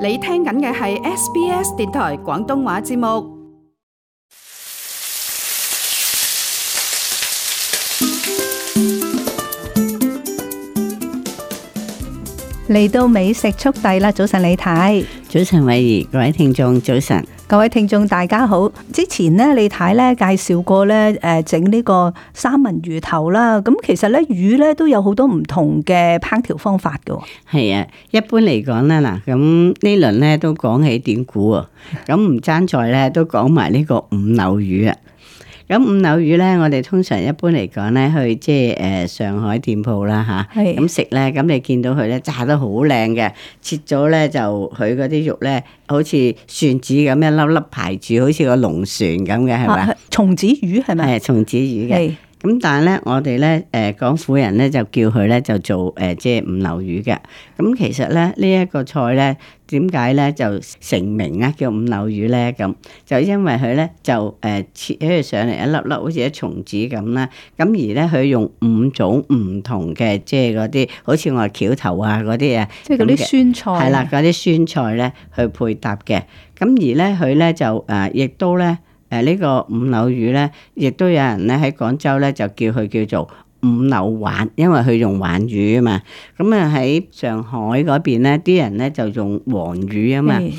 你聽緊嘅係 SBS 電台廣東話節目，嚟到美食速遞啦！早晨李太，早晨偉儀，各位聽眾，早晨。各位聽眾大家好，之前咧李太咧介紹過咧，誒整呢個三文魚頭啦，咁其實咧魚咧都有好多唔同嘅烹調方法噶。係啊，一般嚟講咧嗱，咁呢輪咧都講起典故啊，咁唔爭在咧都講埋呢個五柳魚啊。咁五柳魚咧，我哋通常一般嚟講咧，去即係誒上海店鋪啦吓，咁食咧，咁你見到佢咧炸得好靚嘅，切咗咧就佢嗰啲肉咧，好似松子咁一粒粒排住，好似個龍船咁嘅係咪？松子魚係咪？係松子魚嘅。咁但係咧，我哋咧，誒廣府人咧就叫佢咧就做誒即係五柳魚嘅。咁其實咧呢一個菜咧點解咧就成名啊？叫五柳魚咧咁，就因為佢咧就誒切起上嚟一粒粒好似啲松子咁啦。咁而咧佢用五種唔同嘅即係嗰啲，好似我哋橋頭啊嗰啲啊，即係嗰啲酸菜，係啦嗰啲酸菜咧去配搭嘅。咁而咧佢咧就誒亦都咧。誒呢個五柳魚咧，亦都有人咧喺廣州咧就叫佢叫做五柳鯇，因為佢用鯇魚啊嘛。咁啊喺上海嗰邊咧，啲人咧就用黃魚啊嘛。誒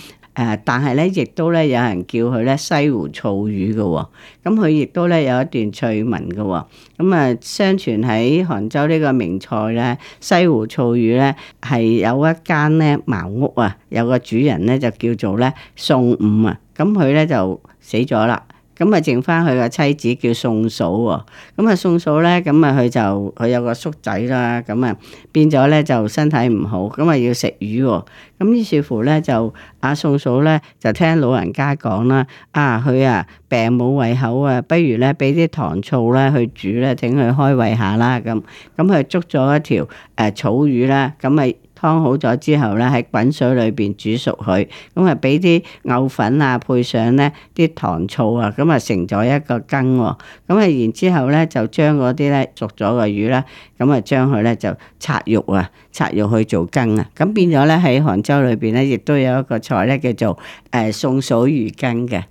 的，但係咧亦都咧有人叫佢咧西湖醋魚嘅喎、哦。咁佢亦都咧有一段趣聞嘅喎。咁啊，相傳喺杭州呢個名菜咧，西湖醋魚咧係有一間咧茅屋啊，有個主人咧就叫做咧宋五啊。咁佢咧就～死咗啦，咁啊剩翻佢個妻子叫宋嫂喎，咁啊宋嫂呢，咁啊佢就佢有個叔仔啦，咁啊變咗呢，就身體唔好，咁啊要食魚喎，咁於是乎呢，就阿、啊、宋嫂呢，就聽老人家講啦，啊佢啊病冇胃口啊，不如呢俾啲糖醋呢去煮呢，等佢開胃下啦，咁咁佢捉咗一條誒、啊、草魚啦，咁啊。劏好咗之後咧，喺滾水裏邊煮熟佢，咁啊俾啲藕粉啊，配上咧啲糖醋啊，咁啊成咗一個羹喎、啊。咁啊然之後咧，就將嗰啲咧熟咗嘅魚咧，咁啊將佢咧就拆肉啊，拆肉去做羹啊。咁變咗咧喺杭州裏邊咧，亦都有一個菜咧叫做誒宋嫂魚羹嘅。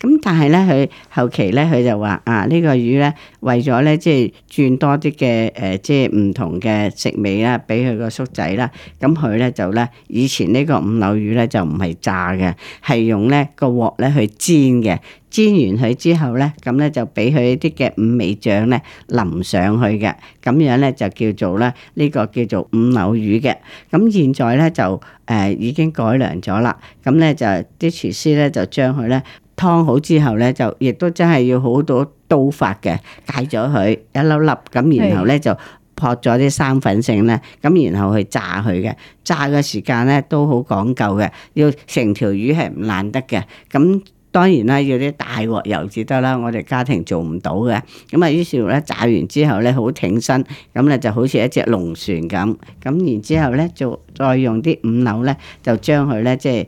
咁但係咧，佢後期咧，佢就話啊，呢、這個魚咧，為咗咧，即係轉多啲嘅誒，即係唔同嘅食味啦，俾佢個叔仔啦。咁佢咧就咧，以前呢個五柳魚咧就唔係炸嘅，係用咧個鑊咧去煎嘅，煎完佢之後咧，咁咧就俾佢啲嘅五味醬咧淋上去嘅，咁樣咧就叫做咧呢、這個叫做五柳魚嘅。咁現在咧就誒、呃、已經改良咗啦，咁咧就啲廚師咧就將佢咧。劏好之後咧，就亦都真係要好多刀法嘅，解咗佢一粒粒，咁然後咧就撲咗啲生粉性咧，咁然後去炸佢嘅，炸嘅時間咧都好講究嘅，要成條魚係唔爛得嘅，咁。當然啦，要啲大鑊油至得啦，我哋家庭做唔到嘅。咁啊，於是乎咧炸完之後咧，好挺身，咁咧就好似一隻龍船咁。咁然之後咧，就再用啲五柳咧，就將佢咧即係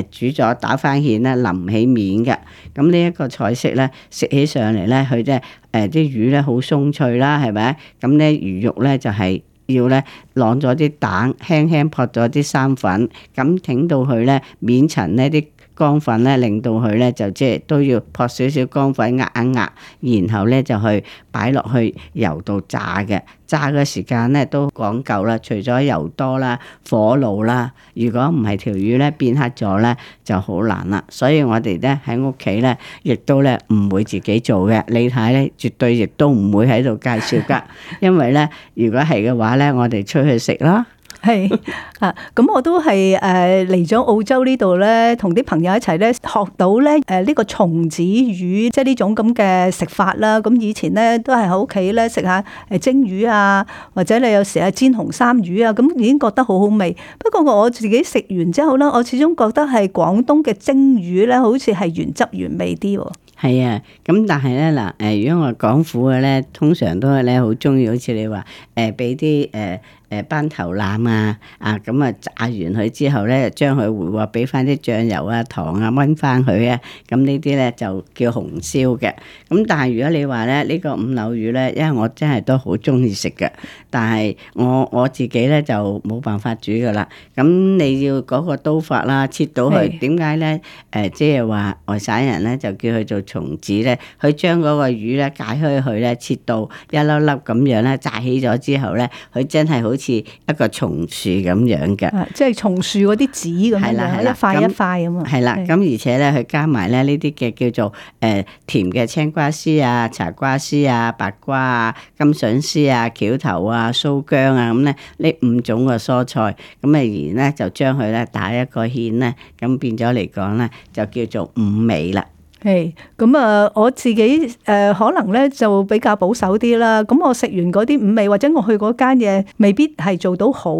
誒煮咗打番芡咧，淋起面嘅。咁呢一個菜式咧，食起上嚟咧，佢即係誒啲魚咧好鬆脆啦，係咪？咁咧魚肉咧就係要咧。晾咗啲蛋，輕輕撲咗啲生粉，咁挺到佢呢，面層呢啲乾粉呢，令到佢呢，就即係都要撲少少乾粉壓一壓，然後呢，就去擺落去油度炸嘅。炸嘅時間呢，都講究啦，除咗油多啦、火老啦，如果唔係條魚呢，變黑咗呢，就好難啦。所以我哋呢，喺屋企呢，亦都呢，唔會自己做嘅。李太呢，絕對亦都唔會喺度介紹㗎，因為呢，如果係嘅話呢，我哋出去。食啦，係啊，咁我都係誒嚟咗澳洲呢度咧，同啲朋友一齊咧，學到咧誒呢個松子魚，即係呢種咁嘅食法啦。咁以前咧都係喺屋企咧食下誒蒸魚啊，或者你有時啊煎紅衫魚啊，咁已經覺得好好味。不過我自己食完之後咧，我始終覺得係廣東嘅蒸魚咧，好似係原汁原味啲。係啊，咁但係咧嗱，誒、呃、如果我係廣府嘅咧，通常都係咧好中意，好似你話誒俾啲誒。呃誒班頭腩啊，啊咁啊炸完佢之後咧，將佢回鍋，俾翻啲醬油啊、糖啊，炆翻佢啊，咁呢啲咧就叫紅燒嘅。咁但係如果你話咧，呢個五柳魚咧，因為我真係都好中意食嘅，但係我我自己咧就冇辦法煮噶啦。咁你要嗰個刀法啦，切到佢點解咧？誒是，即係話外省人咧就叫佢做松子咧，佢將嗰個魚咧解開佢咧，切到一粒粒咁樣咧，炸起咗之後咧，佢真係好。似一個松樹咁樣嘅，即係、啊就是、松樹嗰啲籽咁樣，一塊一塊咁。係啦的，咁而且咧，佢加埋咧呢啲嘅叫做誒甜嘅青瓜絲啊、茶瓜絲啊、白瓜啊、金筍絲啊、橋頭啊、酥薑啊咁咧，呢五種嘅蔬菜，咁啊然咧就將佢咧打一個芡咧，咁變咗嚟講咧就叫做五味啦。誒，咁啊、嗯嗯，我自己誒、呃、可能咧就比較保守啲啦。咁、嗯、我食完嗰啲五味或者我去嗰間嘢，未必係做到好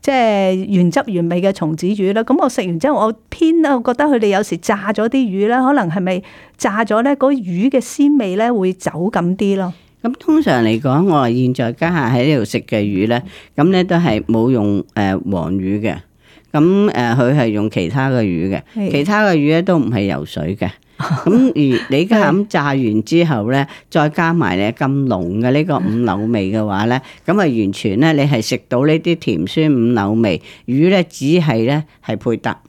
即係、就是、原汁原味嘅松子魚啦。咁、嗯、我食完之後，我偏我覺得佢哋有時炸咗啲魚咧，可能係咪炸咗咧？嗰、那個、魚嘅鮮味咧會走咁啲咯。咁、嗯、通常嚟講，我現在家下喺呢度食嘅魚咧，咁咧都係冇用誒、呃、黃魚嘅。咁誒，佢係、嗯、用其他嘅魚嘅，其他嘅魚咧都唔係游水嘅。咁的而你而家咁炸完之後咧，再加埋咧咁濃嘅呢個五柳味嘅話咧，咁啊的完全咧你係食到呢啲甜酸五柳味魚咧，只係咧係配搭。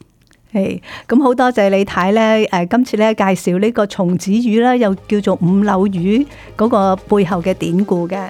係咁，好多謝李太咧，誒今次咧介紹呢個松子魚啦，又叫做五柳魚嗰、那個背後嘅典故嘅。